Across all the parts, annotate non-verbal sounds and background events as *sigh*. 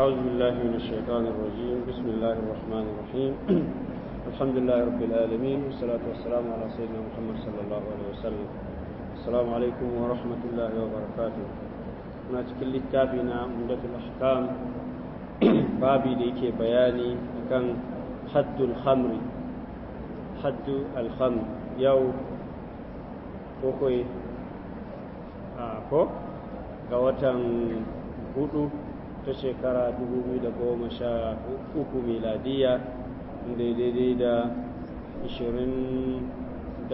أعوذ بالله من الشيطان الرجيم بسم الله الرحمن الرحيم *clears throat* الحمد لله رب العالمين والصلاة والسلام على سيدنا محمد صلى الله عليه وسلم السلام عليكم ورحمة الله وبركاته هناك كل التابعين مدة الأحكام *clears throat* بابي ديكي بياني كان حد الخمر حد الخمر يو بوكوي آه بو ga watan ta shekara 2013 miladiya daidai da 26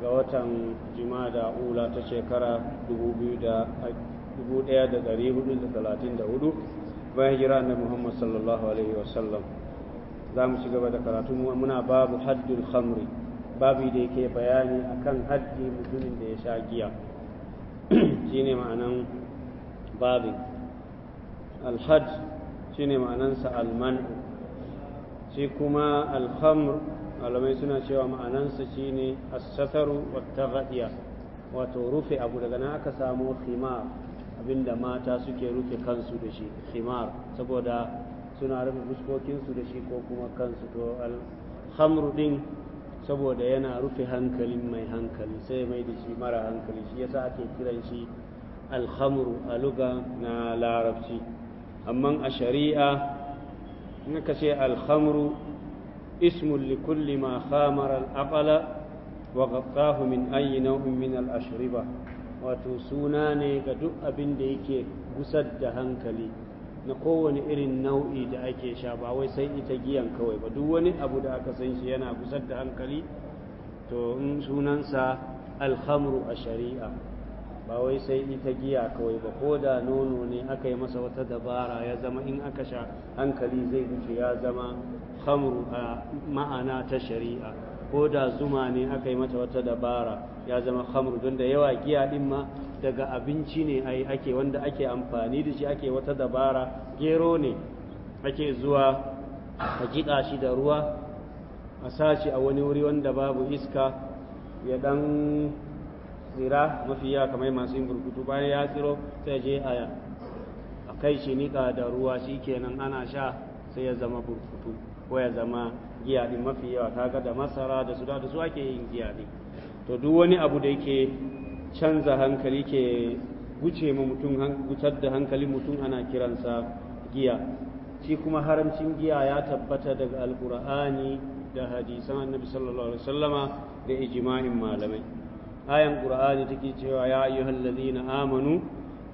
ga watan da ula ta shekara 1434 bayan hijira na muhammad sallallahu alaihi wasallam za mu ci gaba da karatu muna babu haddul khamri babu da yake bayani akan haddi mutumin da ya sha giya *clears throat* shine ma'anan babin alhaj shi ne ma'anansa alman shi kuma alhamr malamai suna cewa ma'anansa shi ne asataru wata raɗiya wato rufe abu daga nan aka samo khimar abinda mata suke rufe kansu da shi khimar saboda suna rufe fuskokinsu da ko kuma kansu alhamru din saboda yana rufe hankalin mai hankali sai mai da shi mara hankali shi yasa ake kiran shi alhamru a na larabci amma a shari'a in ce alhamru ismun likulli ma khamara al'aqala wa min ayi nau'in min al'ashriba wato suna ne ga duk abinda da yake gusar da hankali na kowane irin nau'i da ake sha ba wai sai ita giyan kawai ba duk wani abu da aka san shi yana gusar da hankali to sunansa alhamru a shari'a ba wai sai ita giya kawai ba ko da nono ne aka yi masa wata dabara ya zama in aka sha hankali zai wuce ya zama khamru a ma'ana ta shari'a ko da zuma ne aka yi mata wata dabara ya zama khamru don da yawa giya din ma daga abinci ne ake wanda ake amfani da shi ake wata dabara gero ne ake zuwa a jiƙa shi da ruwa a sashi a wani wuri wanda babu iska ya dan tsira mafi yawa kamar masu yin burkutu bayan ya tsiro sai je a kai shi nika da ruwa shi kenan ana sha sai ya zama burkutu ko ya zama giya din mafi yawa kaga da masara da su da su ake yin giya din to duk wani abu da yake canza hankali ke guce ma mutum gutar da hankali mutum ana kiransa giya shi kuma haramcin giya ya tabbata daga alkur'ani da hadisan annabi sallallahu alaihi wasallama da ijma'in malamai ayan qur'ani take cewa ya ayyuhal amanu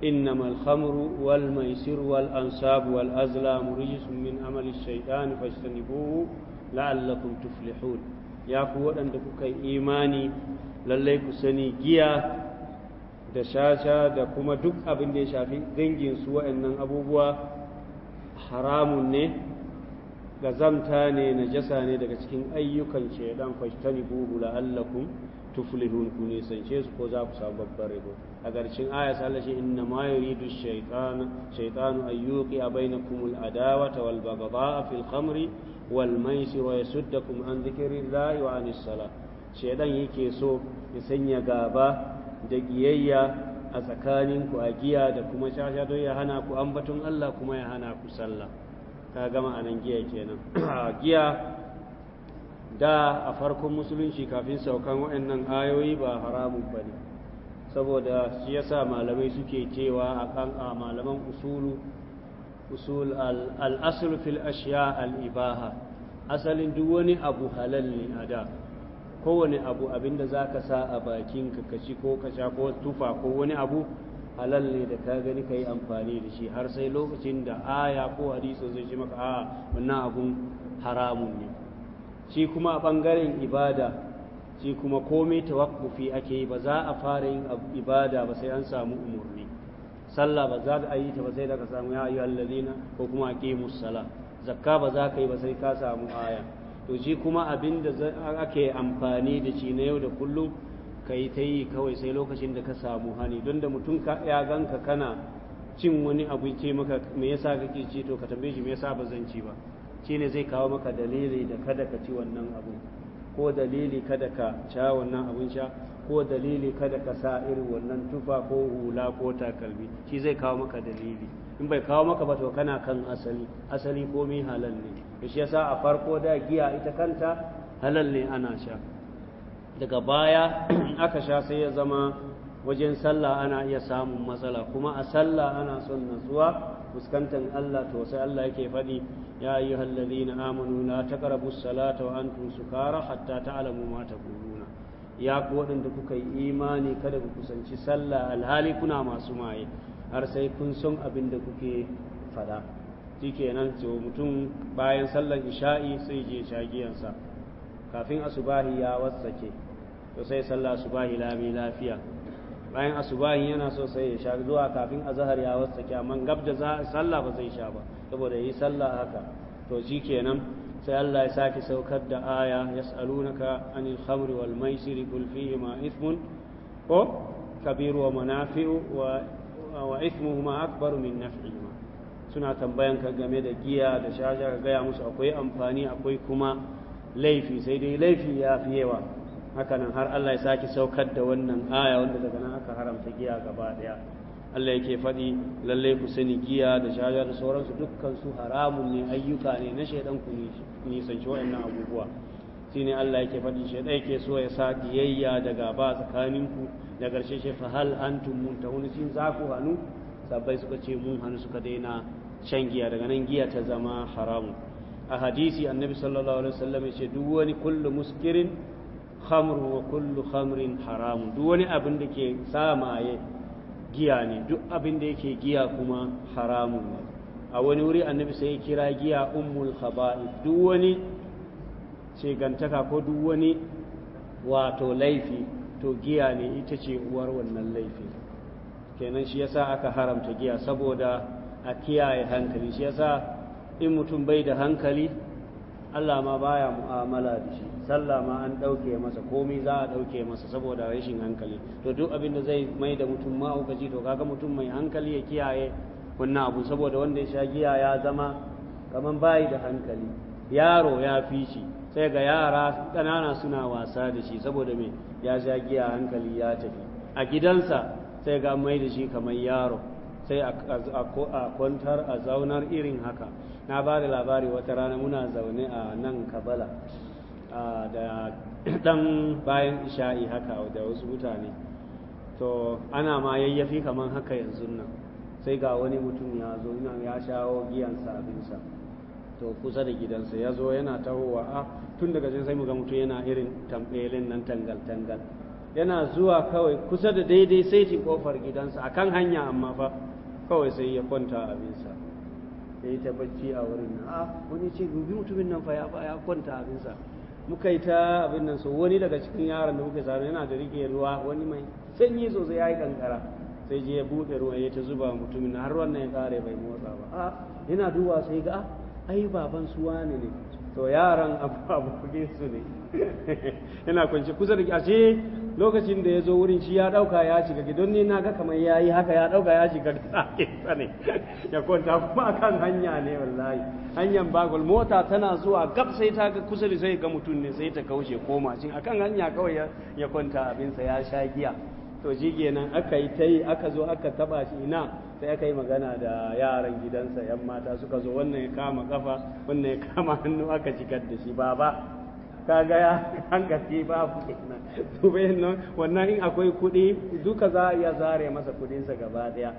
innamal khamru wal maisiru wal ansabu wal azlamu rijsun min amali shaytani fajtanibuhu la'allakum tuflihun ya ku waɗanda kuka yi imani lallai ku sani giya da shasha da kuma duk abin da ya shafi dangin su waɗannan abubuwa haramun ne gazamta ne najasa ne daga cikin ayyukan shaidan fashtani buhu la'allakum tuflihun ku nisance su ko za ku samu babban rabo a ƙarshen aya sallah shi inna ma yuridu shaytanu shaytanu an kumul. bainakum al-adawata wal baghdha'a fil khamri wal maisir wa yasuddakum an dhikrillahi wa anis salah yake so ya sanya gaba da giyayya a tsakanin ku a giya da kuma shasha don ya hana ku batun Allah kuma ya hana ku sallah ka gama anan giya kenan giya da a farkon musulunci kafin saukan waɗannan ayoyi ba haramun ba ne saboda shi yasa malamai suke cewa a kan a malaman usulu usul al fil ashiya al asalin duk wani abu halal ne a da kowane abu abinda za ka sa a bakin ka ci ko kasha ko tufa ko wani abu halal ne da ka gani ka yi amfani da shi har sai lokacin da aya ko hadisi zai shi maka a wannan abun haramun ne shi kuma a ɓangaren ibada shi kuma komai tawakkufi ake yi ba za a fara yin ibada ba sai an samu umarni sallah ba za a yi ta ba sai da ka samu ya ayyuhal ko kuma a ke musala zakka ba za ka yi ba sai ka samu aya to shi kuma abin da ake amfani da shi na yau da kullum ka yi ta yi kawai sai lokacin da ka samu hani don da mutum ya ganka kana cin wani abu ce maka me yasa kake ci to ka tambaye shi me yasa ba zan ci ba ne zai kawo maka dalili da kada ka ci wannan abu ko dalili kada ka sha wannan abun sha ko dalili kada ka sa irin wannan tufa ko hula ko takalmi shi zai kawo maka dalili in bai kawo maka ba to kana kan asali asali komai halal ne shi yasa a farko da giya ita kanta halal ne ana sha daga baya *clears throat* aka sha sai ya zama wajen sallah ana iya samun matsala kuma a sallah ana son natsuwa fuskantar Allah to sai Allah yake faɗi ya yi ayyuhal na amanu ta taqrabus salata wa su kara hatta alamu ma kuluna ya ku waɗanda kuka yi imani kada ku kusanci sallah alhali kuna masu maye har sai kun san abin da kuke faɗa shikenan to mutum bayan sallar isha'i sai je shagiyansa kafin asubahi ya watsake to sai sallah asubahi lami lafiya bayan asubahin yana so sai ya sha zuwa kafin azhar ya wasa kyaman gab da sallah ba zai sha ba saboda yi sallah haka to shikenan sai Allah ya saki saukar da aya yas'alunaka anil khamri wal maisiri qul ma ithmun ko kabiru wa manafi'u wa wa ithmuhuma akbaru min naf'ihima suna tambayan ka game da giya da shaja ka gaya musu akwai amfani akwai kuma laifi sai dai laifi ya fi yawa hakanan har Allah ya sake saukar da wannan aya wanda daga nan aka haramta giya gaba daya Allah yake faɗi lallai ku sani giya da shaja da sauransu dukkan su haramun ne ayyuka ne na shaidan ku nisanci waɗannan abubuwa shine Allah yake faɗi shaidan yake so ya sa kiyayya da gaba tsakaninku da ƙarshe shi fa hal antum muntahun shin za ku hanu sabai suka ce mun hannu suka daina shan giya daga nan giya ta zama haramu a hadisi annabi sallallahu alaihi wasallam ya ce duk wani kullu muskirin khamru wa kullu khamrin haram duk wani abin da ke sa giya ne duk abin da yake giya kuma haramun ne a wani wuri annabi sai kira giya ummul khaba'i duk wani cegantaka ko duk wani wato laifi to giya ne ita ce uwar wannan laifi kenan shi yasa aka haramta giya saboda a kiyaye hankali shi yasa in mutum bai da hankali Allah ma baya mu'amala da shi sallah ma an ɗauke masa komai za a ɗauke masa saboda rashin hankali to duk abin da zai mai da mutum kaji to kaga mutum mai hankali ya kiyaye wannan abu saboda wanda ya sha giya ya zama kaman bayi da hankali yaro ya fi shi sai ga yara ƙanana suna wasa da shi saboda me ya sha giya hankali ya tafi a gidansa sai ga mai da shi kamar yaro sai a kwantar a zaunar irin haka na ba da labari wata rana muna zaune a nan kabala da dan *clears throat* bayan isha'i haka da wasu mutane to ana ma yayyafi kamar haka yanzu nan sai ga wani mutum ya zo ya shawo giyansa abinsa to kusa da gidansa ya zo yana tahowa a ah, tun daga sai mu ga mutum yana irin tambayelin nan tangal-tangal yana zuwa kawai kusa da daidai sai kofar gidansa akan hanya amma fa kawai sai ya kwanta abinsa ya yi ta bacci a wurin nan a ah, wani ce dubi mutumin nan fa ya kwanta abinsa muka yi ta abin nan so wani daga cikin yaran da muke sami yana da rike ruwa wani mai sanyi sosai ya yi kankara sai je ya buɗe ruwa ya ta zuba mutumin har wannan ya kare bai motsa ba a ah, yana duba sai ga ah, ai baban su wani ne to yaran *laughs* abu su ne yana *laughs* kwanci kusa da ce lokacin da ya zo wurin shi ya dauka ya shiga gidan ni na ga kamar ya yi haka ya dauka ya shiga tsane *laughs* ya kwanta kuma akan hanya ne wallahi hanyar bagul mota tana zuwa gab sai ta ga kusa da sai ga mutum ne sai ta kaushe ko mashin akan hanya kawai ya kwanta abinsa ya sha giya to shi kenan aka yi ta yi aka zo aka taba shi ina sai aka yi magana da yaran gidansa yan mata suka zo wannan ya kama kafa wannan ya kama hannu aka shigar da shi baba ka gaya *laughs* hankali babu kenan to nan wannan in akwai kuɗi duka za a iya zare masa kuɗinsa gaba ɗaya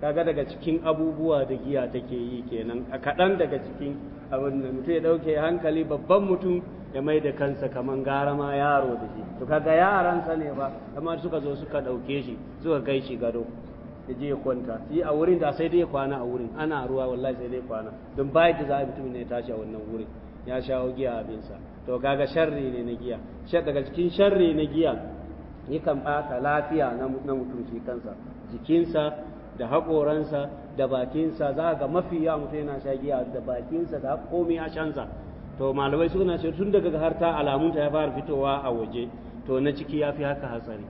kaga daga cikin abubuwa da giya take yi kenan a kaɗan daga cikin abin da mutum ya ɗauke hankali babban mutum ya mai da kansa kamar gara ma yaro da shi to kaga yaransa ne ba amma suka zo suka ɗauke shi suka kai shi gado ya je ya kwanta yi a wurin da sai dai kwana a wurin ana ruwa wallahi sai dai kwana don bai da za a mutum ne ya tashi a wannan wurin ya shawo giya abinsa to kaga sharri ne na giya daga cikin sharri na giya yakan ɓata lafiya na mutum shi kansa jikinsa da haƙoransa da bakinsa za ga mafi yawa mutum yana sha giya da bakinsa da komai a shansa to malamai suna ce tun daga har ta alamunta ya fara fitowa a waje to na ciki ya fi haka hatsari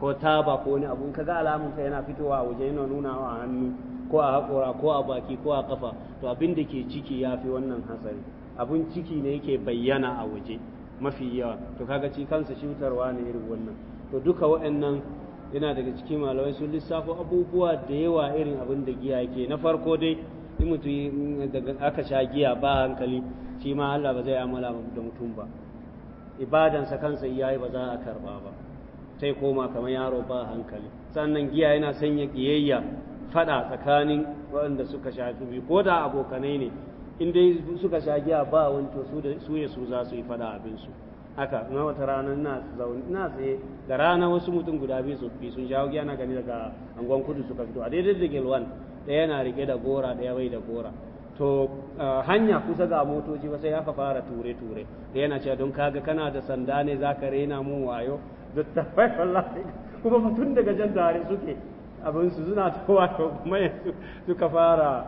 ko taba ko wani abu kaga alamunta yana fitowa a waje yana nuna a hannu ko a haƙora ko a baki ko a kafa to abin da ke ciki ya fi wannan hatsari abun ciki ne yake bayyana a waje mafi yawa to kaga ci kansa cutarwa ne irin wannan to duka waɗannan yana daga cikin malamai sun lissafo abubuwa da yawa irin abin da giya yake na farko dai in mutum daga aka sha giya ba hankali shi ma Allah ba zai amala da mutum ba ibadansa kansa iyaye ba za a karba ba sai koma kamar yaro ba hankali sannan giya yana sanya kiyayya fada tsakanin waɗanda suka sha su biyu ko da abokanai ne in dai suka sha giya ba wancan su da su ya za su yi fada abin su haka na wata rana na zaune na tsaye da rana wasu mutum guda biyu su fi sun shawo giya na gani daga angon kudu suka fito a daidai da gilwan ɗaya na rike da gora ɗaya bai da gora to hanya kusa ga motoci ba sai aka fara ture ture da yana cewa don kaga kana da sanda ne zaka rena mun wayo da tafai *laughs* wallahi kuma mutum daga jan dare suke abinsu suna tawa to kuma suka fara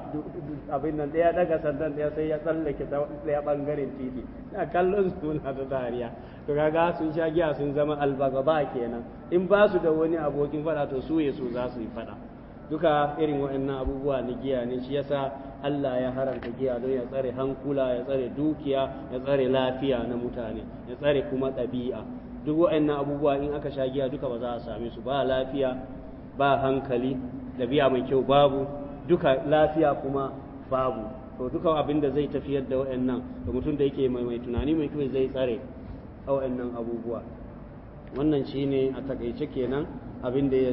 abin nan ɗaya daga sandan ɗaya sai ya tsallake ɗaya bangaren titi na kallon su na ta dariya to kaga sun sha giya sun zama albagaba kenan in ba su da wani abokin fada to su ya su za su yi fada duka irin waɗannan abubuwa na giya ne shi yasa Allah ya haramta giya don ya tsare hankula ya tsare dukiya ya tsare lafiya na mutane ya tsare kuma ɗabi'a duk waɗannan abubuwa in aka sha giya duka ba za a same su ba lafiya ba hankali ɗabi'a mai kyau babu duka lafiya kuma babu to duka abin da zai tafiyar da wa'annan da mutum da yake mai tunani mai kyau zai tsare a wa'annan abubuwa wannan shine a takaice kenan abin da ya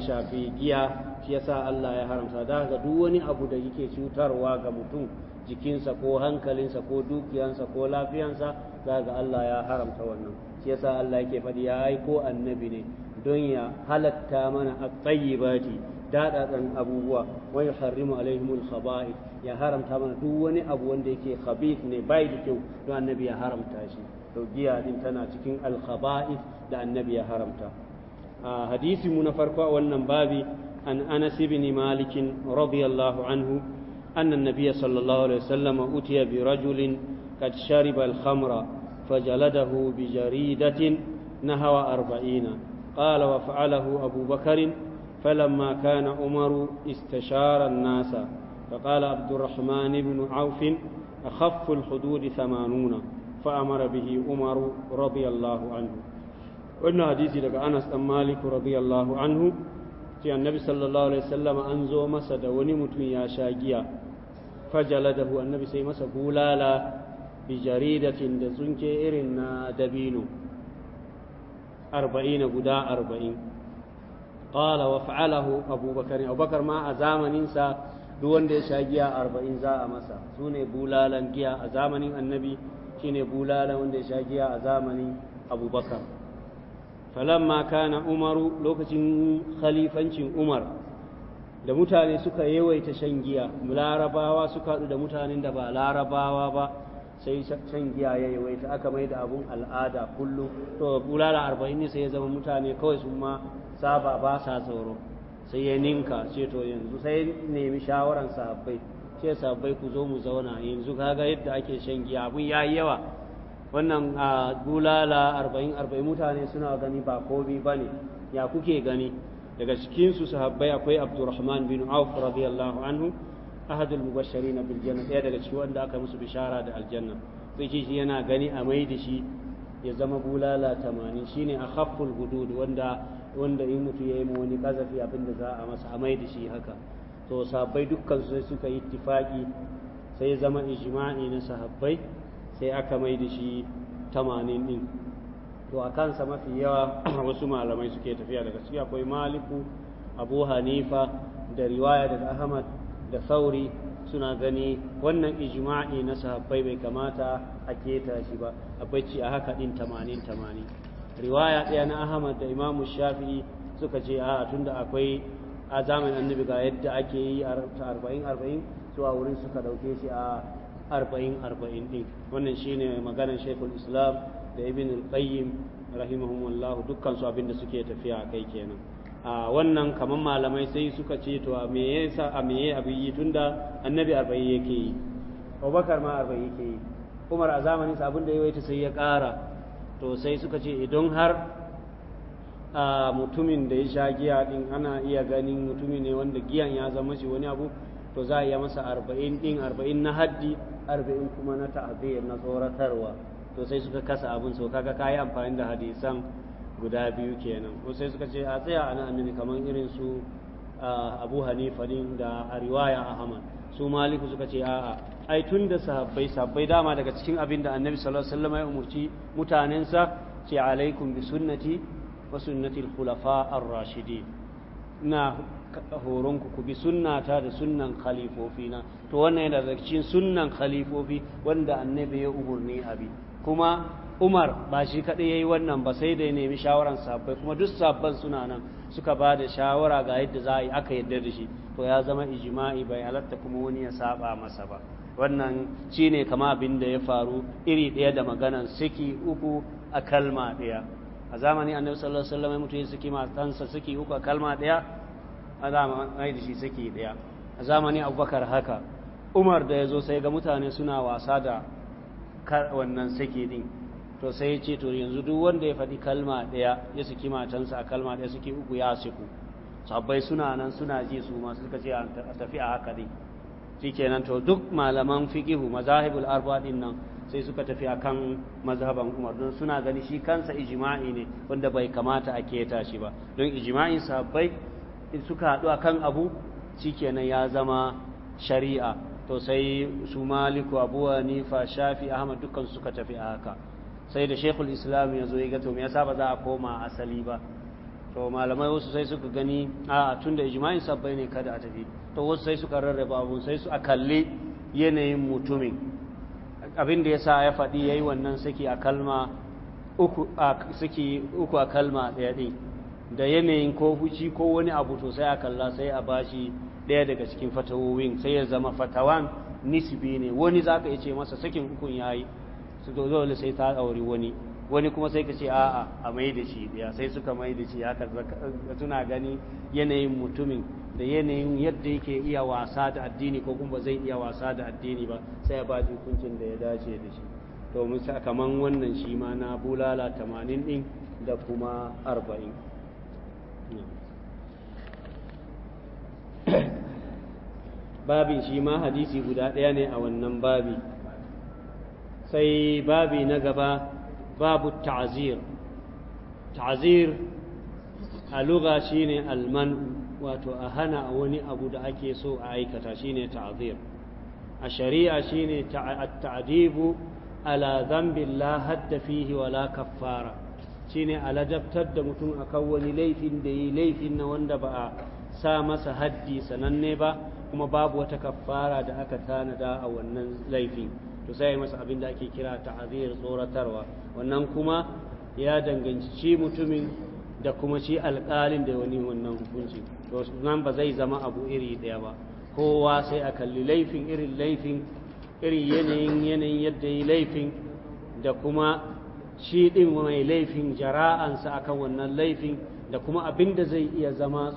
shafi giya shi yasa Allah ya haramta da ga duk wani abu da yake cutarwa ga mutum jikinsa ko hankalinsa ko dukiyansa ko lafiyansa za ga Allah ya haramta wannan shi yasa Allah yake faɗi ya ko annabi ne don ya halatta mana at-tayyibati dadadan abubuwa wa yuharrimu al khaba'ith ya haramta mana duk wani abu wanda yake khabith ne bai da kyau don annabi ya haramta shi to giya din tana cikin al-khaba'ith da annabi ya haramta a hadisi mu na farko a wannan babi an Anas ibn Malik radiyallahu anhu anna an sallallahu alaihi wasallam utiya bi rajulin qad shariba al-khamra فجلده بجريدة أربعين قال وفعله أبو بكر فلما كان عمر استشار الناس فقال عبد الرحمن بن عوف أخف الحدود ثمانون فأمر به عمر رضي الله عنه وإن حديث لك أنس أم مالك رضي الله عنه في النبي صلى الله عليه وسلم أنزو مسد ونمت يا شاقيا فجلده النبي سيمس بولالا بجريدة دزنك إرنا دبينه arba'ina guda arba'in qala wa fa'alahu abubakar abubakar ma a zamaninsa duk wanda ya sha giya arba'in za a masa su ne bulalan giya a zamanin annabi shine bulalan wanda ya sha giya a zamanin abubakar falamma kana umaru lokacin khalifancin umar da mutane suka yawaita shan giya larabawa suka haɗu da mutanen da ba larabawa ba sai shan giya ya yawaita aka mai da abun al'ada kullum to bulala arba'in ne sai ya zama mutane kawai su ma saba ba sa tsoro sai ya ninka ce to yanzu sai nemi shawaran sahabbai ce sahabbai ku zo mu zauna yanzu kaga yadda ake shan giya abun ya yi yawa wannan a bulala arba'in arba'in mutane suna gani ba kobi ba ne ya kuke gani daga cikinsu sahabbai akwai abdurrahman bin auf radiyallahu anhu ahadul mubashirin bil janna ɗaya daga cikin wanda aka musu bishara da aljanna sai shi yana gani a mai da shi ya zama bulala tamanin shine a khafful hudud wanda wanda in mutu ya yi wani kazafi abin da za a masa a mai da shi haka to sahabbai dukkan su suka yi ittifaki sai zama ijma'i na sahabbai sai aka mai da shi tamanin din to a kansa mafi yawa *clears throat* wasu malamai suke tafiya daga ciki akwai maliku abu hanifa da riwaya daga ahmad da sauri suna gani wannan ijma'i na sahabbai bai kamata a keta shi ba a bacci a haka din tamanin tamanin riwaya ɗaya na ahmad da imamu shafi suka ce a tunda akwai a zamanin annabi ga yadda ake yi a arba'in arba'in zuwa wurin suka ɗauke shi a arba'in arba'in ɗin wannan shine maganar shekul islam da ibn al-qayyim rahimahumullahu dukkan su abinda suke tafiya a kai kenan a wannan kamar malamai sai suka ce to a me yasa a me yi tunda annabi arba'in yake yi abubakar ma arba'in yake yi umar a zamanin sa abin da ya sai ya ƙara to sai suka ce idan har a mutumin da ya sha giya din ana iya ganin mutumi ne wanda giyan ya zama shi wani abu to za a iya masa arba'in din arba'in na haddi arba'in kuma na ta'azir na tsoratarwa to sai suka kasa abin so kaga kayi amfani da hadisan guda biyu kenan ko sai suka ce a tsaya ana amini kamar irin su abu hanifa din da a riwaya ahmad su maliku suka ce a'a ai tun da sahabbai sahabbai dama daga cikin abin da annabi sallallahu alaihi wasallam ya umurci mutanensa ce alaikum bi sunnati wa sunnati al-khulafa ar-rashidin na horonku ku bi sunnata da sunnan khalifofina to wannan yana daga cikin sunnan khalifofi wanda annabi ya umurni abi kuma umar ba shi kaɗai ya yi wannan ba sai da ya nemi shawaran sabbai kuma duk sabban suna nan suka ba da shawara ga yadda za a yi aka yadda da shi to ya zama ijima'i bai halatta kuma wani ya saba masa ba wannan ne kama abin da ya faru iri ɗaya da maganan siki uku a kalma ɗaya a zamani annabi sallallahu alaihi wasallam mutum ya saki matansa saki uku a kalma ɗaya a zamani da shi ɗaya a zamani abubakar haka umar da ya zo sai ga mutane suna wasa da wannan saki din to sai ce to yanzu duk wanda ya faɗi kalma ɗaya ya saki matansa a kalma ɗaya suke uku ya siku sabbai suna nan suna ji su ma suka ce a tafi a haka dai kenan to duk malaman fiqihu mazahibul arba din nan sai suka tafi akan mazhaban Umar don suna gani shi kansa ijma'i ne wanda bai kamata a keta shi ba don ijma'i sabbai in suka haɗu akan abu kenan ya zama shari'a to sai su maliku abuwa nifa shafi ahmad dukkan suka tafi a haka sai da shekul islam ya zo ya ga me yasa ba za a koma asali ba to malamai wasu sai suka gani a tun da ijma'in sabbai ne kada a tafi to wasu sai suka rarraba abu sai su a kalli yanayin mutumin abin da yasa ya faɗi ya yi wannan saki a kalma uku a saki uku a kalma ɗaya ɗin da yanayin ko ko wani abu to sai a kalla sai a bashi ɗaya daga cikin fatawowin sai ya zama fatawan nisbi ne wani zaka iya ce masa sakin ukun yayi su dole sai ta auri wani wani kuma sai ka ce a'a a mai da shi daya sai suka mai da shi haka suna gani yanayin mutumin da yanayin yadda yake iya wasa da addini ko kuma zai iya wasa da addini ba sai ya ba hukuncin da ya dace da shi to mun kaman wannan shi ma na bulala 80 din da kuma 40 babin shi ma hadisi guda ɗaya ne a wannan babi sai babi na gaba babu ta'azir ta'azir a lugha shine alman wato a hana wani abu da ake so a aikata shine ta'azir a shari'a shine ta'adibu ala zambin la hadda fihi wala kaffara shine aladabtar da mutum akan wani laifin da yi laifin na wanda ba a sa masa haddi sananne ba kuma babu wata kaffara da aka tanada a wannan laifin to sai masa abin da ake kira ta'azir tsoratarwa wannan kuma ya danganci shi mutumin da kuma shi alƙalin da wani wannan hukunci to nan ba zai zama abu iri ɗaya ba kowa sai a kalli laifin irin laifin irin yanayin yanayin yadda yi laifin da kuma shi ɗin mai laifin jara'ansa akan wannan laifin da kuma abin da zai iya zama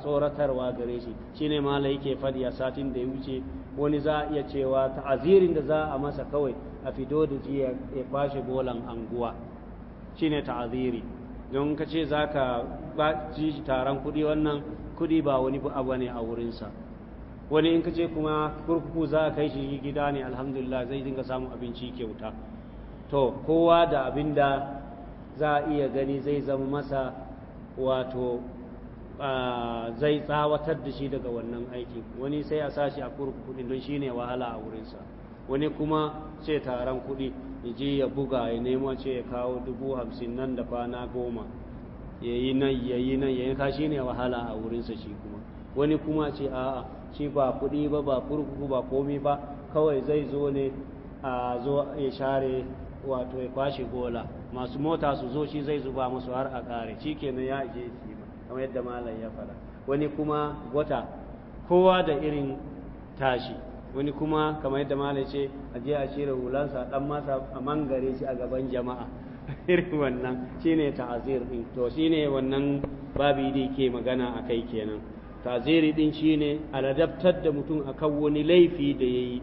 tsoratarwa gare shi ne mala yake faɗi a satin da ya wuce wani za a iya cewa ta'azirin da za a masa kawai a fito da ji ya kwashe bolan anguwa shine ta'aziri don ka ce za ka ji taron kuɗi wannan kuɗi ba wani abu ne a wurinsa wani in ka ce kuma kurkuku za a kai shi gida ne alhamdulillah zai dinga samun abinci kyauta to kowa da abin da za a iya gani zai zama masa wato zai tsawatar da shi daga wannan aikin, wani sai a sashi a kurkuku don shi ne wahala a wurinsa wani kuma ce taron kuɗi ya je ya buga ya nemo ce ya kawo dubu hamsin nan da kwana goma ya yi nan ya yi nan ya yi ka ne wahala a wurinsa shi kuma wani kuma ce a'a shi ba kuɗi ba ba kurkuku ba komi ba kawai zai zo ne a zo ya share wato ya kwashe gola masu mota su zo shi zai zuba masu har a kare shi kenan ya ije shi kamar yadda malam ya fara wani kuma wata kowa da irin tashi wani kuma kamar yadda malam ce a je a shirya hulansa dan masa a mangare shi a gaban jama'a *laughs* irin wannan shine ta'azir din to shine wannan babi da ke magana a kai kenan ta'aziri din shine aladabtar da mutum akan wani laifi da yayi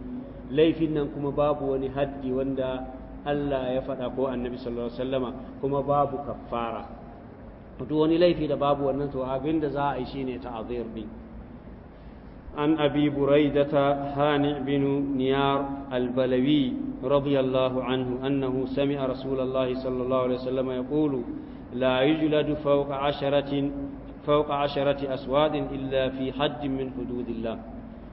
laifin nan kuma babu wani haddi wanda Allah ya faɗa ko annabi sallallahu alaihi wasallama kuma babu kaffara to duk wani laifi da babu wannan to abin da za a yi shine ta'zir din an abi buraidata hani bin niyar albalawi radiyallahu anhu annahu sami'a rasulullahi sallallahu alaihi wasallam yaqulu la yujladu fawqa asharatin فوق عشرة أسواد إلا في حد من حدود الله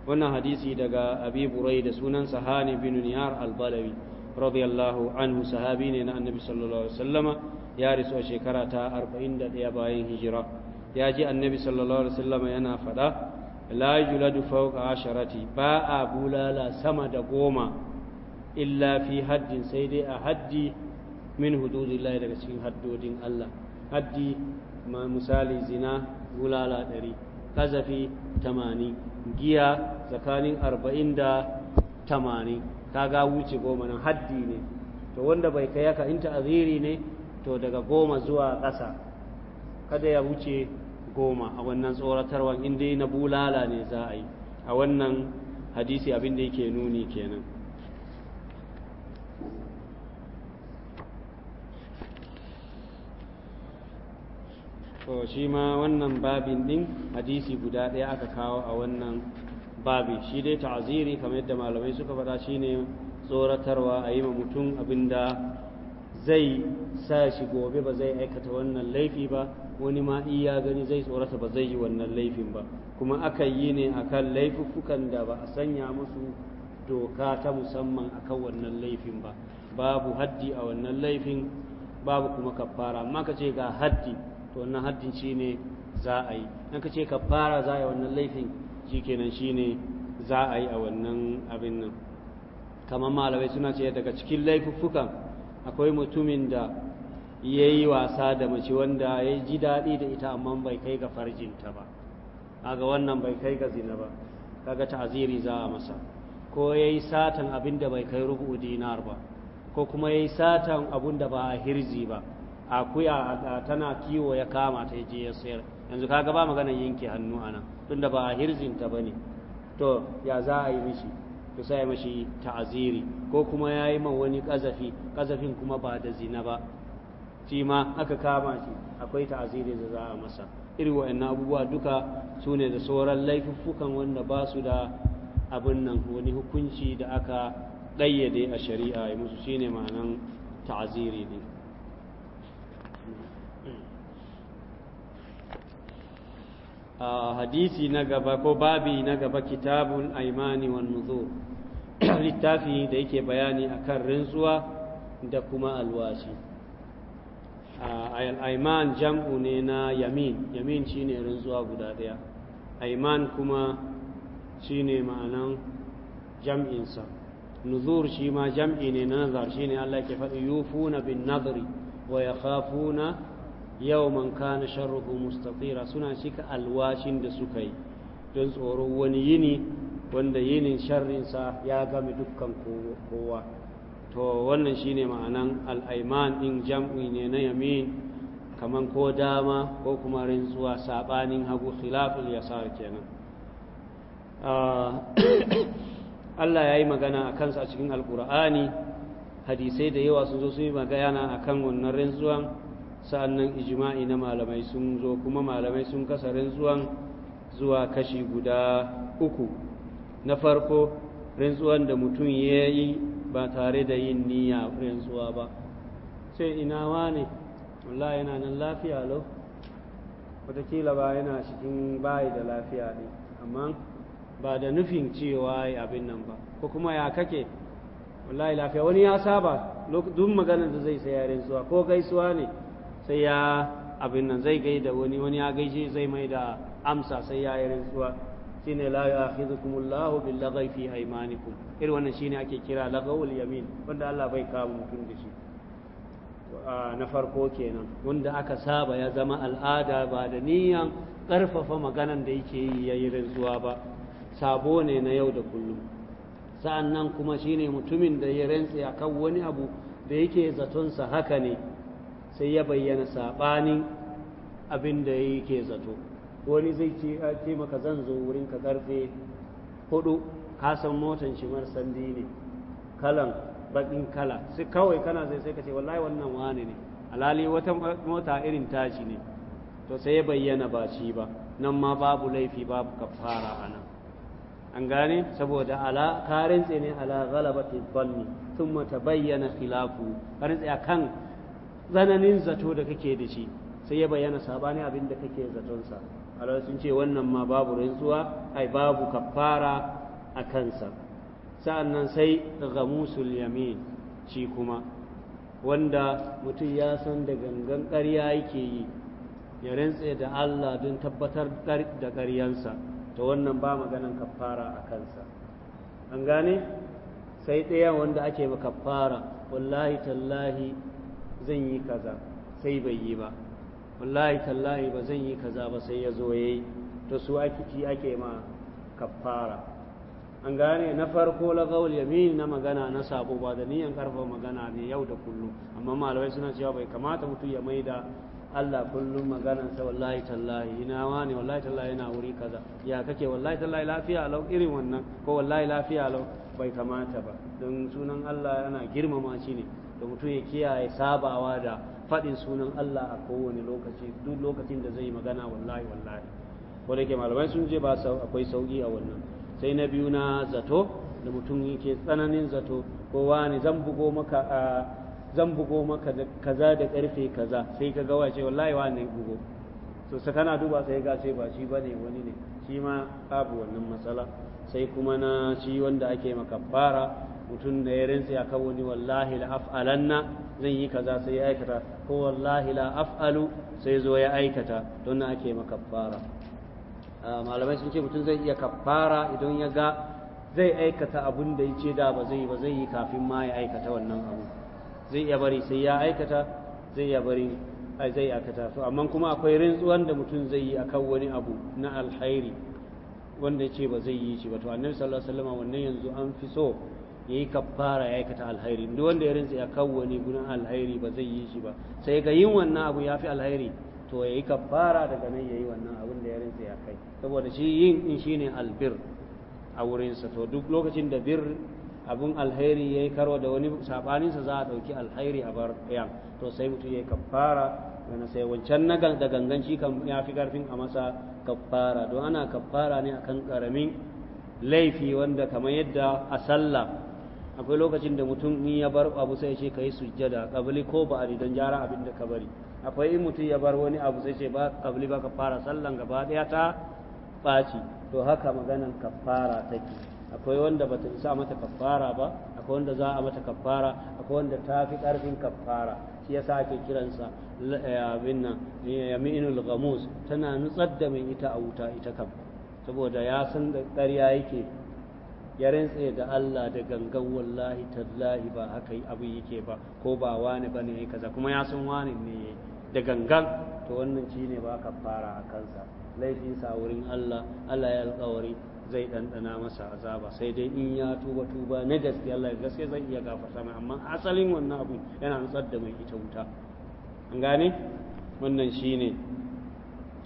وانا حديثي دقا أبي بريد سنن سهاني بن نيار البلوي رضي الله عنه صحابين النبي صلى الله عليه وسلم ya risu shekara ta ɗaya bayan hijira ya ji annabi sallallahu alaihi wasallam yana faɗa la yuladu fawqa asharati ba a bulala sama da goma illa fi haddin sai dai a haddi min hududillah daga cikin haddodin Allah haddi ma misali zina bulala ɗari kazafi tamanin giya tsakanin arba'in da tamanin ga wuce goma nan haddi ne to wanda bai kai haka in ta'aziri ne to daga goma zuwa ƙasa kada ya wuce goma a wannan tsoratarwan inda na bulala ne za a yi a wannan hadisi abin yake nuni kenan to shi ma wannan babin din hadisi guda ɗaya aka kawo a wannan babi shi dai ta'aziri kamar yadda malamai suka faɗa shine tsoratarwa a yi ma mutum abinda zai sa shi gobe ba zai aikata wannan laifi ba wani ma iya gani zai tsorata ba zai yi wannan laifin ba kuma aka yi ne akan laifukan da ba a sanya musu doka ta musamman akan wannan laifin ba babu haddi a wannan laifin babu kuma kafara amma ka ce ga haddi to wannan haddin shine za a yi in ka ce kafara za a yi wannan laifin shikenan shine za a yi a wannan abin nan kamar malamai suna ce daga cikin laifuffukan akwai mutumin da ya yi wasa da mace wanda ya ji daɗi da ita amma bai kai ga farjinta ba kaga wannan bai kai ga zina ba kaga ta'aziri za a masa ko ya yi satan abin da bai kai rubu dinar ba ko kuma ya yi satan abin da ba a hirzi ba akuya tana kiwo ya kama ta je ya sayar yanzu kaga ba maganar yanke hannu anan tunda ba a hirzinta ba ne to ya za a yi mishi sa sai mashi ta'aziri ko kuma ya yi ma wani ƙazafi ƙazafin kuma ba da zina ba shi ma aka kama shi akwai ta'aziri da za a masa irin wa'annan abubuwa duka su ne da sauran laifuffukan wanda ba su da abin nan wani hukunci da aka ɗayyade a shari'a ya musu shine ma'anan ta'aziri din hadisi na gaba ko babi na gaba kitabul aimani wan nuzur littafi da yake bayani akan rantsuwa da kuma alwashi aiman jam'u ne na yamin yamin ne rantsuwa guda ɗaya, aiman kuma ne ma'anan jam'insa nuzur shi ma jam'i ne na nazar ne, Allah ke faɗi yufuna bin nazari wa yakhafuna yawman kana sharruhu mustatira suna cika alwashin da suka yi don tsoron wani yini wanda yinin sharrinsa ya gami dukkan kowa to wannan shine ma'anan al'aiman ɗin jam'i ne na yamin kamar ko dama ko kuma rinzuwa saɓanin hagu sa yasar kenan ah, *coughs* Allah ya yi magana a kansa a cikin alkur'ani hadisai da yawa sun zo sun yi magana a kan wannan sa'an nan ijima'i na malamai sun zo kuma malamai sun kasa rintsuwan zuwa kashi guda uku na farko rantsuwan da mutum ya yi ba tare da yin niyya rantsuwa ba sai ina wane wallahi yana nan lafiya lau watakila ba yana cikin bayi da lafiya ne amma ba da nufin cewa abin nan ba ko kuma ya kake wallahi lafiya wani ya saba duk maganar da zai sai ya rantsuwa ko gaisuwa ne sai ya abin nan zai gaida wani wani ya gaishe zai mai da amsa sai ya yi rantsuwa shine la ya'khidhukumullahu bil laghi fi aymanikum irin wannan shine ake kira laghawul yamin wanda Allah bai kama mutum da shi na farko kenan wanda aka saba ya zama al'ada ba da niyan karfafa magana da yake yi yayi rantsuwa ba sabo ne na yau da kullum sa'annan kuma shine mutumin da ya rantsa akan wani abu da yake zaton sa haka ne sai ya bayyana sabanin abin da yake zato wani zai ce a ah, ce maka zan zo wurin ka karfe hudu ka san motan shi sandi ne kalan bakin kala sai kawai kana zai sai ka ce wallahi wannan wani ne alali wata mota irin tashi ne to sai ya bayyana ba shi ba nan ma babu laifi babu kafara nan. an gane saboda ala karin ne ala ghalabati dhanni thumma tabayyana khilafu karin tsaye kan zananin zato da kake da shi sai ya bayyana sabani abin da kake zaton sa alawar sun ce wannan ma babu rantsuwa ai babu kafara a kansa sa'annan sai musul yamin shi kuma wanda mutum ya san da gangan ƙarya yake yi ya rantse da Allah don tabbatar da karyansa ta wannan ba maganan kafara a kansa an gane sai ɗaya wanda ake ba kafara wallahi tallahi zan yi kaza sai bai yi ba wallahi tallahi ba zan yi kaza ba sai ya zo yayi to su ake ake ma kaffara an gane na farko la gaul yamin na magana na sabo ba da niyan karfa magana ne yau da kullum amma malamai suna cewa bai kamata mutum ya maida Allah kullum maganan sa wallahi tallahi ina wani wallahi tallahi yana wuri kaza ya kake wallahi tallahi lafiya lau irin wannan ko wallahi lafiya lau bai kamata ba don sunan Allah yana girmama shi ne da mutum ya kiyaye sabawa da faɗin sunan Allah a kowane lokaci duk lokacin da zai yi magana wallahi wallahi ko da ke malamai sun je ba akwai sauki a wannan sai na biyu na zato da mutum yake tsananin zato ko wani zan bugo maka zan bugo maka kaza da karfe kaza sai ka gawa wallahi wani bugo to sai kana duba sai ga sai ba shi bane wani ne shi ma babu wannan matsala sai kuma na shi wanda ake maka fara mutum da ya rinsa ya kan wani wallahi la af'alanna zan yi kaza sai ya aikata ko wallahi la af'alu sai zo ya aikata don na ake makaffara ah, malamai sun ce mutum zai iya kaffara idan ya ga zai aikata abun da ya ce da ba zai ba zai yi kafin ma ya aikata wannan abu zai iya bari sai ya aikata zai iya bari zai aikata To amma kuma akwai rintsuwan da mutum zai yi akan wani abu na alkhairi wanda ya ce ba zai yi shi ba to annabi sallallahu alaihi wasallam wannan yanzu an fi so yayi kafara ya aikata alhairi duk wanda ya rinsa ya kawwani gurin alhairi ba zai yi shi ba sai ga yin wannan abu ya fi alhairi to yayi kafara daga nan yi wannan abun da ya rinsa ya kai saboda shi yin shi ne albir a wurinsa to duk lokacin da bir abun alhairi ya yi karo da wani sabaninsa za a ɗauki alhairi a bar yan to sai mutum ya yi kaffara wani sai wancan na da ganganci kan ya fi karfin a masa kaffara don ana kafara ne akan karamin laifi wanda kamar yadda a sallah akwai lokacin da mutum in ya bar abu sai ce yi sujjada kabli ko ba don gyara abin da ka bari akwai in mutum ya bar wani abu sai ce ba kabli ba ka fara sallan gaba daya ta ɓaci to haka maganan kafara take akwai wanda ba ta isa mata kafara ba akwai wanda za a mata kafara akwai wanda ta fi karfin kafara shi yasa ake kiransa eh, abin nan yaminul gamus tana nutsar da mai ita a wuta ita kam saboda ya san da ƙarya yake ya rantse da Allah da gangan wallahi tallahi ba haka abu yake ba ko ba wani bane yayi kaza kuma ya san wani ne da gangan to wannan shine ba ka fara a kansa laifin sa wurin Allah Allah ya alƙawari zai ɗanɗana masa azaba sai dai in ya tuba tuba na gaske Allah gaske zai iya gafarta mai amma asalin wannan abu yana nutsar da mai ita wuta an gane wannan shine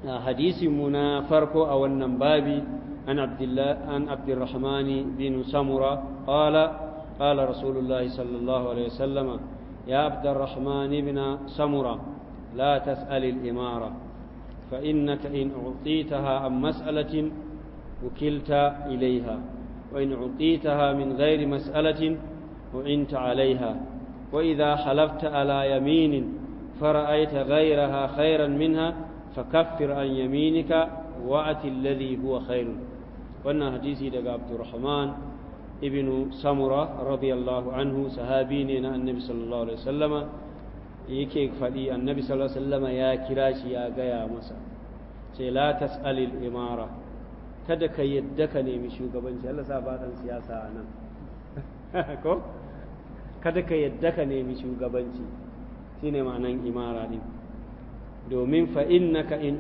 hadisi mu na farko a wannan babi عن عبد الله عن عبد الرحمن بن سمرة قال قال رسول الله صلى الله عليه وسلم يا عبد الرحمن بن سمرة لا تسأل الإمارة فإنك إن أعطيتها عن مسألة وكلت إليها وإن أعطيتها من غير مسألة وإنت عليها وإذا حلفت على يمين فرأيت غيرها خيرا منها فكفر عن يمينك وأت الذي هو خير wannan hadisi daga abdurrahman ibn samura radiyallahu anhu sahabi ne na annabi sallallahu alaihi wasallama yake faɗi annabi sallallahu alaihi wasallama ya kira shi ya gaya masa ce la tas'alil imara kada ka yadda ka nemi shugabanci Allah sa ba dan siyasa nan *laughs* ko kada ka yadda ka nemi shugabanci shine ma'anan imara ne. domin fa innaka in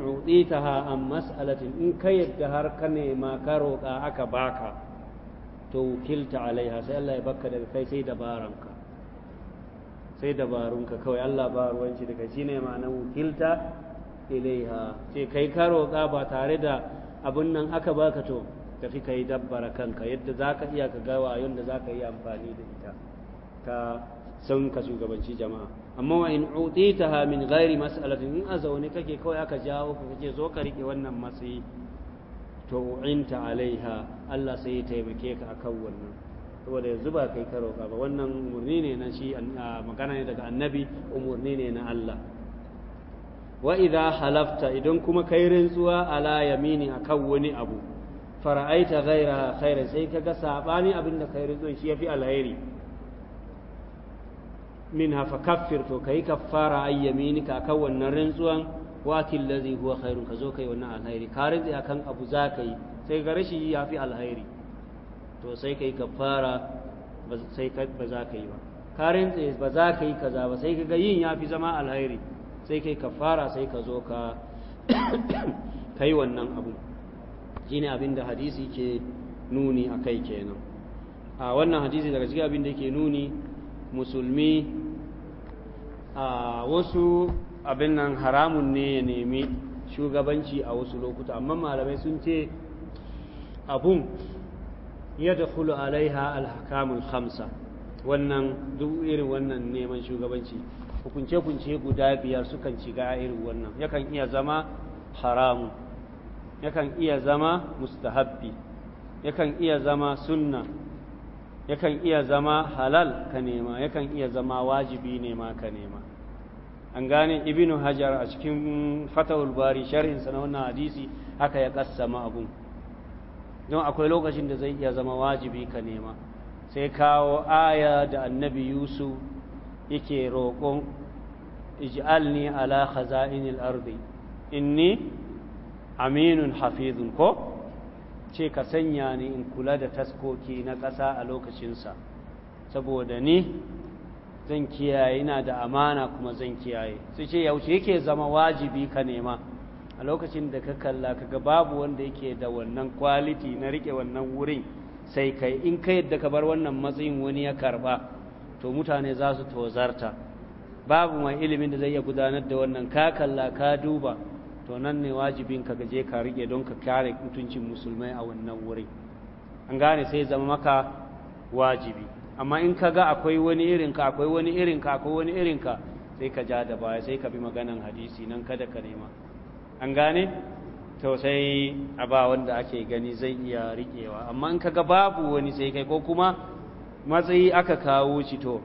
ha an mas'alatin in ka yadda har ka nema ka roƙa aka baka to kilta alaiha sai Allah ya baka daga kai sai dabaranka sai dabarunka kawai Allah ba ruwanci daga shi ne ma'ana wukilta ilaiha sai kai ka roƙa ba tare da abin nan aka baka to tafi ka yi dabbara kanka yadda za ka iya ka gawa yadda za ka yi amfani da ita sun ka shugabanci jama'a amma wa in utitaha min ghairi mas'alatin in a zaune kake kawai aka jawo ka kake zo ka rike wannan matsayi to u'inta alaiha Allah sai ya taimake ka akan wannan saboda yanzu ba kai ka roka ba wannan umurni ne na shi magana ne daga annabi umurni ne na Allah wa idza halafta idan kuma kai rantsuwa ala yamini akan wani abu fara'aita ghaira khairan sai kaga sabani abinda kai rantsuwa shi yafi alheri minha fakaffir to kai kaffara ay yaminika akan wannan rantsuwan wakil ladhi huwa khairun ka zo kai wannan alhairi ka rantsi kan abu za ka yi sai ga rashi ya fi alhairi to sai kai kaffara sai ba za ka yi ba karin rantsi ba za ka yi kaza ba sai ga yin ya fi zama alhairi sai kai kaffara sai ka zo ka *coughs* kai wannan abu shine abin da hadisi ke nuni akai kenan a wannan hadisi daga cikin abin da yake nuni musulmi a wasu abin nan haramun ne ya nemi shugabanci a wasu lokuta amma malamai sun ce abun ya da alaiha alhakamun hamsa wannan duk irin wannan neman shugabanci hukunce-hukunce guda biyar sukan shiga irin wannan yakan iya zama haramun yakan iya zama mustahabbi yakan iya zama sunna yakan iya zama halal ka nema yakan iya zama wajibi nema ka nema an gane Ibinu hajar a cikin fatahul bari sharhinsa na wannan hadisi haka ya kassama abun don akwai lokacin da zai iya zama wajibi ka nema sai kawo aya da annabi yusuf yake roƙon ij'alni ala khaza'inil ardi inni aminun hafizun ko ce ka sanya ni in kula da taskoki na ƙasa a lokacinsa saboda ni zan kiyaye ina da amana kuma zan kiyaye sai ce yaushe yake zama wajibi ka nema a lokacin da ka kalla kaga babu wanda yake da wannan kwaliti na rike wannan wurin sai kai in ka yadda ka bar wannan matsayin wani ya karba to mutane za su tozarta babu mai ilimin da zai iya gudanar da wannan ka kalla ka duba to nan ne wajibin ka gaje ka rike don ka kare mutuncin musulmai a wannan wurin an gane sai zama maka wajibi amma in ka ga akwai wani irinka akwai wani irinka akwai wani irinka sai ka ja da baya sai ka bi maganan hadisi nan kada ka nema an gane to sai a ba wanda ake gani zai iya riƙewa amma in ka ga babu wani sai kai ko kuma matsayi aka kawo shi to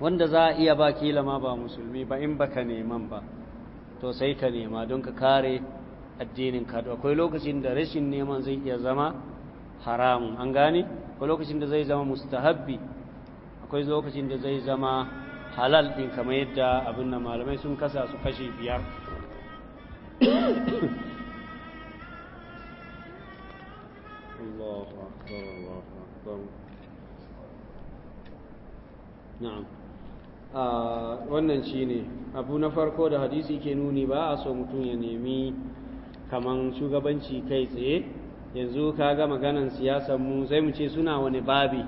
wanda za a iya ba kila ma ba musulmi ba in baka neman ba to sai ka nema don ka kare addinin ka akwai lokacin da rashin neman zai iya zama haramun an gane akwai lokacin da zai zama mustahabbi akwai lokacin da zai zama halal din kamar yadda abin da malamai sun kasa su kashe biyar Allahu akbar Allahu akbar Na'am wannan shi ne abu na farko da hadisi ke nuni ba a so mutum ya nemi kaman shugabanci kai tsaye yanzu ka ga maganan siyasar mu sai mu ce suna wani babi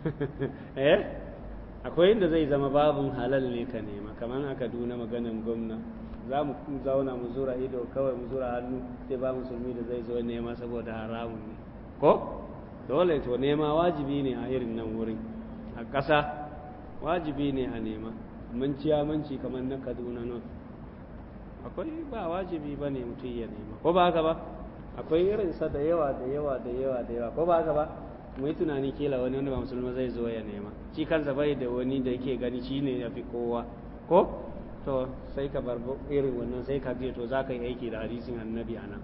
*laughs* eh akwai inda zai zama babin halal ne ka nema kaman aka duna maganan gwamna za mu zauna mu zura ido kawai mu zura hannu sai ba musulmi da zai zo nema saboda haramun ne ko dole to nema wajibi ne a irin nan wurin a ƙasa wajibi ne a nema mun ciya kamar na kaduna nan akwai ba wajibi ba ne mutum ya nema ko ba haka ba akwai irinsa da yawa da yawa da yawa da yawa ko ba haka ba mu yi tunani kila wani wanda ba musulma zai zo ya nema shi kansa bai da wani da yake gani shi ne ya fi kowa ko to sai ka bar irin wannan sai ka je to za ka yi aiki da hadisin annabi a nan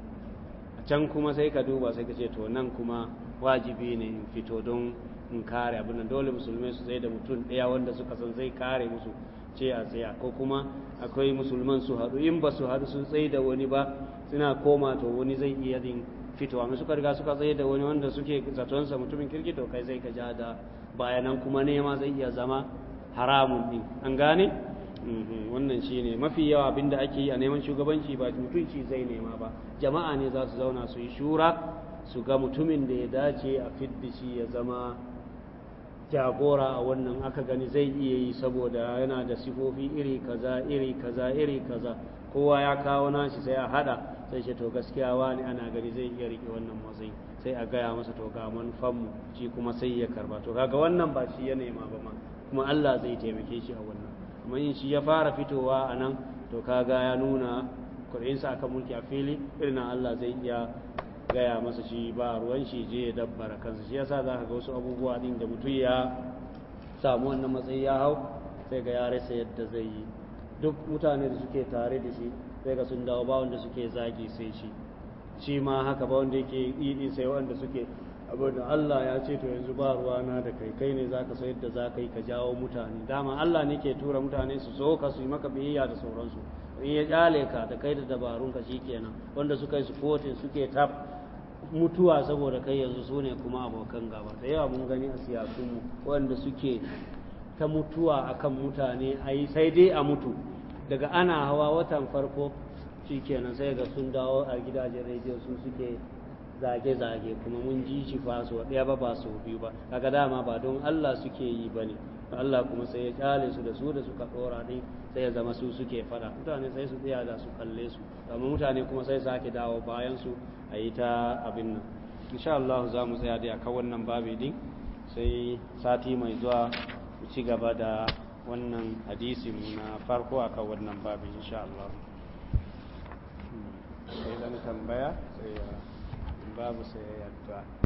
a can kuma sai ka duba sai ka ce to nan kuma wajibi ne in fito don in kare abin nan dole musulmai su zai da mutum ɗaya wanda suka san zai kare musu ce a tsaya ko kuma akwai musulman su haɗu in ba su haɗu sun tsaye da wani ba suna koma to wani zai iya yin fitowa amma suka riga suka tsaye da wani wanda suke zatonsa mutumin kirki to kai zai ka ja da bayanan kuma nema zai iya zama haramun din an gane mhm. wannan shi ne mafi yawa abin da ake yi a neman shugabanci ba mutunci zai nema ba jama'a ne za su zauna su yi shura su ga mutumin da ya dace a fidda shi ya zama jagora a wannan aka gani zai iya yi saboda yana da sifofi iri kaza iri kaza iri kaza kowa ya kawo nashi sai a hada sai shi to gaskiya wani ana gani zai iya rike wannan matsayi sai a gaya masa to ga mu shi kuma sai ya karba to kaga wannan ba shi ya nema ba ma kuma Allah zai taimake shi a wannan amma in shi ya fara fitowa a nan to kaga ya nuna kuɗinsa akan mulki a fili irin Allah zai iya gaya masa shi ba ruwan shi je ya dabbara kansa shi yasa za ka ga wasu abubuwa din da mutum ya samu wannan matsayi ya hau sai ga ya rasa yadda zai yi duk mutane da suke tare da shi sai ga sun dawo ba wanda suke zagi sai shi shi ma haka ba wanda yake din sai wanda suke abin Allah ya ce to yanzu ba ruwana da kai kai ne zaka so yadda zaka yi ka jawo mutane dama Allah ne ke tura mutane su so ka su yi maka biyayya da sauransu in ya kyale ka da kai da dabarun ka shikenan wanda suka yi supporting suke tap mutuwa saboda kai yanzu su ne kuma abokan gaba da yawa mun gani a siyasunmu waɗanda suke ta mutuwa akan mutane a yi sai dai a mutu daga ana hawa watan farko shikenan sai ga sun dawo a gidajen rediyo sun suke zage-zage kuma mun ji shi fa ɗaya ba ba su biyu ba kaga dama ba don Allah suke yi ba ne Allah kuma sai ya kyale su da su da suka ɗora ɗin sai ya zama su suke faɗa mutane sai su tsaya da su kalle su mutane kuma sai sake dawo bayan su a yi ta abin nan insha Allah za mu tsaya dai akan wannan babi din sai sati mai zuwa ku ci gaba da wannan hadisi mu na farko akan wannan babi insha Allah hmm. sai dan tambaya sai babu sai yadda